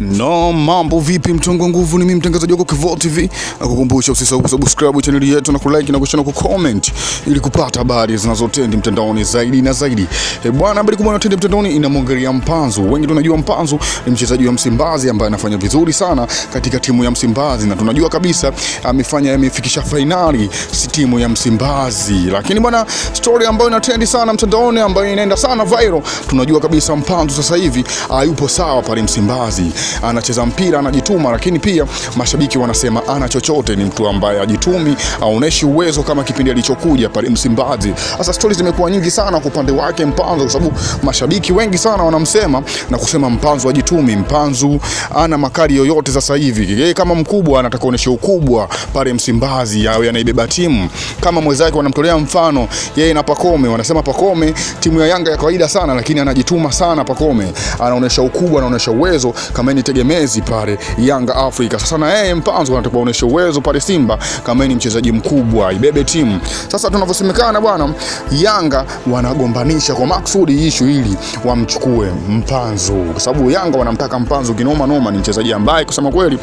No, mambo vipi, mtongo wa nguvu? Ni mimi mtangazaji wako Kevoo TV, nakukumbusha usisahau kusubscribe channel yetu na kulike na kushare na kucomment ili kupata habari zinazotendi mtandaoni zaidi na zaidi. Eh bwana, habari kubwa inayotendi mtandaoni inamwangalia Mpanzu. Wengi tunajua Mpanzu ni mchezaji wa Msimbazi ambaye anafanya vizuri sana katika timu ya Msimbazi na tunajua kabisa amefanya amefikisha fainali si timu ya Msimbazi. Lakini bwana, story ambayo inatendi sana mtandaoni ambayo inaenda sana viral, tunajua kabisa Mpanzu sasa hivi hayupo sawa pale Msimbazi anacheza mpira, anajituma, lakini pia mashabiki wanasema ana chochote, ni mtu ambaye ajitumi, aoneshi uwezo kama kipindi alichokuja pale Msimbazi. Sasa stories zimekuwa nyingi sana kwa upande wake Mpanzu, kwa sababu mashabiki wengi sana wanamsema na kusema Mpanzu ajitumi, Mpanzu ana makali yoyote sasa hivi. Yeye kama mkubwa anataka aoneshe ukubwa pale Msimbazi, awe anaibeba timu kama mwenzake. Wanamtolea mfano yeye na Pakome, wanasema Pakome timu ya Yanga ya kawaida sana, lakini anajituma sana. Pakome anaonesha ukubwa, anaonesha uwezo kama ni tegemezi pale Yanga Africa. Sasa na yeye Mpanzo anataka kuonesha uwezo pale Simba kama ni mchezaji mkubwa, ibebe timu. Sasa tunavyosemekana bwana, Yanga wanagombanisha kwa maksudi issue hili wamchukue Mpanzo, kwa sababu Yanga wanamtaka Mpanzo kinoma noma. Ni mchezaji ambaye kusema kweli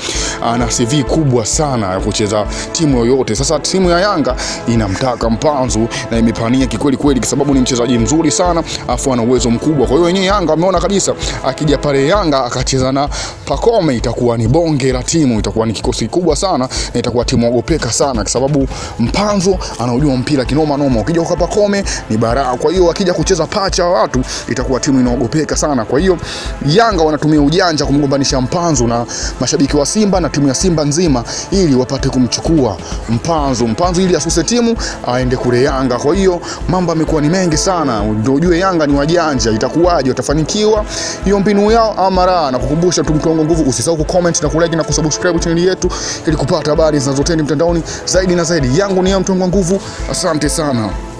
ana CV kubwa sana ya kucheza timu yoyote. Sasa timu ya Yanga inamtaka Mpanzo na imepania kikweli kweli, kwa sababu ni mchezaji mzuri sana afu ana uwezo mkubwa. Kwa hiyo wenyewe Yanga wameona kabisa akija pale Yanga akacheza na Pacome itakuwa ni bonge la timu, itakuwa ni kikosi kikubwa sana na itakuwa timu ogopeka sana, kwa sababu Mpanzo anaujua mpira kinoma noma. Ukija kwa Pacome ni baraa, kwa hiyo akija kucheza pacha wa watu itakuwa timu inaogopeka sana. Kwa hiyo Yanga wanatumia ujanja kumgombanisha Mpanzo na mashabiki wa Simba na timu ya Simba nzima, ili wapate kumchukua Mpanzo. Mpanzo ili asuse timu aende kule Yanga. Kwa hiyo mambo yamekuwa ni mengi sana, ndio ujue Yanga ni wajanja. Itakuwaje? Watafanikiwa hiyo mbinu yao ama la? kukumbusha tu Mke Nguvu. Usisahau kucomment na kulike na kusubscribe channel yetu ili kupata habari zinazotendi mtandaoni zaidi na zaidi. Yangu ni ya Nguvu. Asante sana.